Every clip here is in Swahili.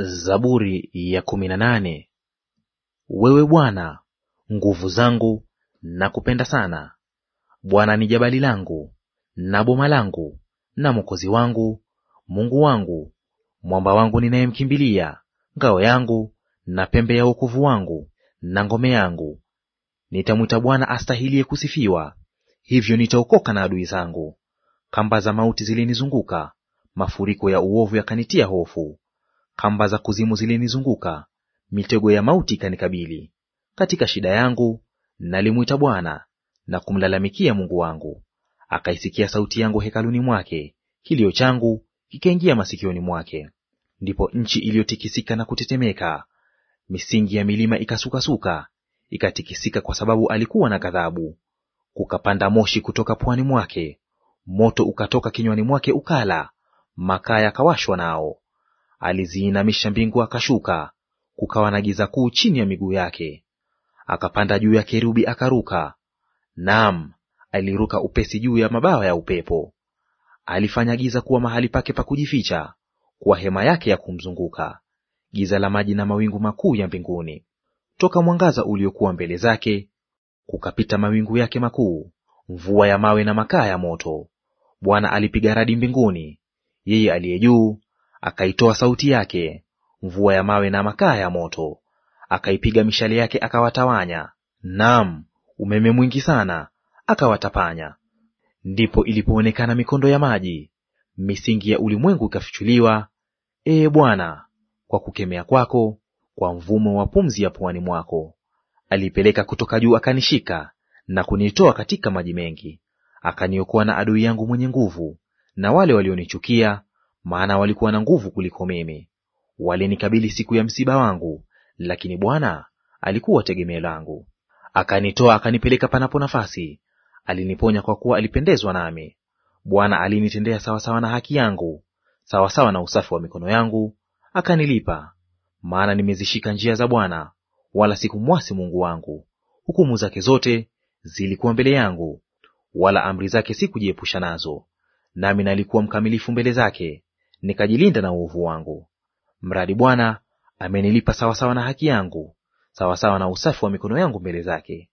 Zaburi ya kumi na nane. Wewe Bwana nguvu zangu, na kupenda sana. Bwana ni jabali langu na boma langu na mwokozi wangu, Mungu wangu, mwamba wangu ninayemkimbilia, ngao yangu na pembe ya wokovu wangu na ngome yangu. Nitamwita Bwana astahilie kusifiwa, hivyo nitaokoka na adui zangu. Kamba za mauti zilinizunguka, mafuriko ya uovu yakanitia hofu. Kamba za kuzimu zilinizunguka, mitego ya mauti ikanikabili. Katika shida yangu nalimwita Bwana na kumlalamikia Mungu wangu. Akaisikia sauti yangu hekaluni mwake, kilio changu kikaingia masikioni mwake. Ndipo nchi iliyotikisika na kutetemeka, misingi ya milima ikasukasuka, ikatikisika kwa sababu alikuwa na ghadhabu. Kukapanda moshi kutoka puani mwake, moto ukatoka kinywani mwake ukala, makaa yakawashwa nao aliziinamisha mbingu akashuka, kukawa na giza kuu chini ya miguu yake. Akapanda juu ya kerubi akaruka, naam, aliruka upesi juu ya mabawa ya upepo. Alifanya giza kuwa mahali pake pa kujificha, kuwa hema yake ya kumzunguka, giza la maji na mawingu makuu ya mbinguni. Toka mwangaza uliokuwa mbele zake kukapita mawingu yake makuu, mvua ya mawe na makaa ya moto. Bwana alipiga radi mbinguni, yeye aliye juu akaitoa sauti yake, mvua ya mawe na makaa ya moto, akaipiga mishale yake akawatawanya, naam umeme mwingi sana akawatapanya. Ndipo ilipoonekana mikondo ya maji, misingi ya ulimwengu ikafichuliwa. Ee Bwana, kwa kukemea kwako, kwa mvumo wa pumzi ya puani mwako. Alipeleka kutoka juu akanishika na kunitoa katika maji mengi, akaniokoa na adui yangu mwenye nguvu, na wale walionichukia maana walikuwa na nguvu kuliko mimi. Walinikabili siku ya msiba wangu, lakini Bwana alikuwa tegemeo langu. Akanitoa akanipeleka panapo nafasi, aliniponya kwa kuwa alipendezwa nami. Bwana alinitendea sawasawa na haki yangu, sawasawa na usafi wa mikono yangu akanilipa. Maana nimezishika njia za Bwana, wala sikumwasi Mungu wangu. Hukumu zake zote zilikuwa mbele yangu, wala amri zake sikujiepusha nazo. Nami nalikuwa mkamilifu mbele zake, nikajilinda na uovu wangu. Mradi Bwana amenilipa sawasawa na haki yangu, sawasawa na usafi wa mikono yangu mbele zake.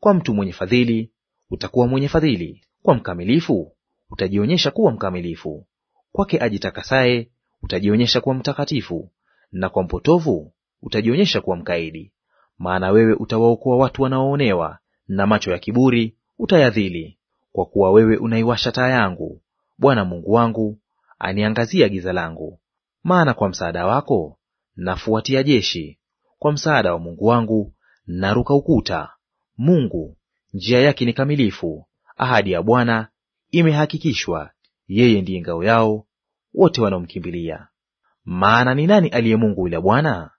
Kwa mtu mwenye fadhili utakuwa mwenye fadhili, kwa mkamilifu utajionyesha kuwa mkamilifu. Kwake ajitakasaye utajionyesha kuwa mtakatifu, na kwa mpotovu utajionyesha kuwa mkaidi. Maana wewe utawaokoa watu wanaoonewa, na macho ya kiburi utayadhili. Kwa kuwa wewe unaiwasha taa yangu, Bwana Mungu wangu, aniangazia giza langu. Maana kwa msaada wako nafuatia jeshi, kwa msaada wa Mungu wangu naruka ukuta. Mungu njia yake ni kamilifu, ahadi ya Bwana imehakikishwa, yeye ndiye ngao yao wote wanaomkimbilia. Maana ni nani aliye Mungu ila Bwana?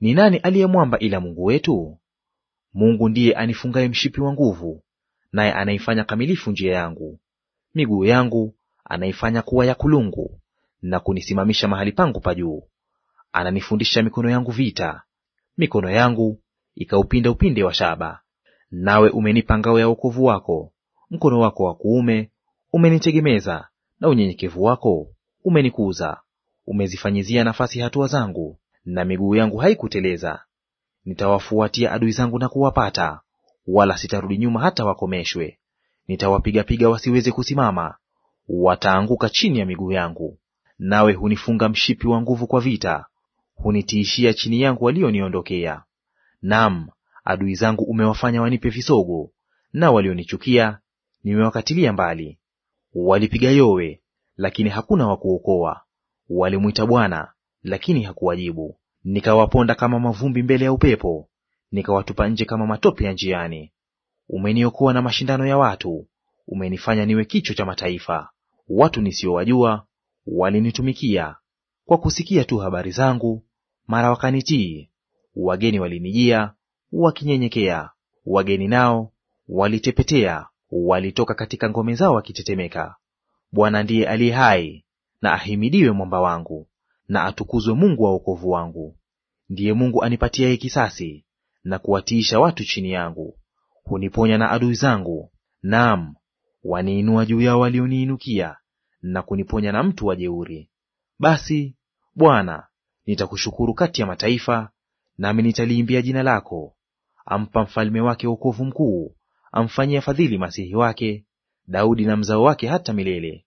Ni nani aliye mwamba ila Mungu wetu? Mungu ndiye anifungaye mshipi wa nguvu, naye anaifanya kamilifu njia yangu. Miguu yangu anaifanya kuwa ya kulungu na kunisimamisha mahali pangu pa juu. Ananifundisha mikono yangu vita, mikono yangu ikaupinda upinde wa shaba. Nawe umenipa ngao ya wokovu wako, mkono wako wa kuume umenitegemeza, na unyenyekevu wako umenikuza. Umezifanyizia nafasi hatua zangu, na miguu yangu haikuteleza. Nitawafuatia adui zangu na kuwapata, wala sitarudi nyuma hata wakomeshwe. Nitawapigapiga wasiweze kusimama, wataanguka chini ya miguu yangu. Nawe hunifunga mshipi wa nguvu kwa vita, hunitiishia chini yangu walioniondokea. Naam, adui zangu umewafanya wanipe visogo, na walionichukia nimewakatilia mbali. Walipiga yowe, lakini hakuna wa kuokoa; walimwita Bwana, lakini hakuwajibu. Nikawaponda kama mavumbi mbele ya upepo, nikawatupa nje kama matope ya njiani. Umeniokoa na mashindano ya watu, umenifanya niwe kicho cha mataifa. Watu nisiowajua walinitumikia kwa kusikia tu habari zangu, mara wakanitii. Wageni walinijia wakinyenyekea, wageni nao walitepetea, walitoka katika ngome zao wakitetemeka. Bwana ndiye aliye hai, na ahimidiwe mwamba wangu, na atukuzwe Mungu wa wokovu wangu. Ndiye Mungu anipatiaye kisasi na kuwatiisha watu chini yangu. Huniponya na adui zangu, naam, waniinua juu yao walioniinukia na kuniponya na mtu wa jeuri. Basi Bwana, nitakushukuru kati ya mataifa, nami nitaliimbia jina lako. Ampa mfalme wake wokovu mkuu, amfanyia fadhili masihi wake Daudi na mzao wake hata milele.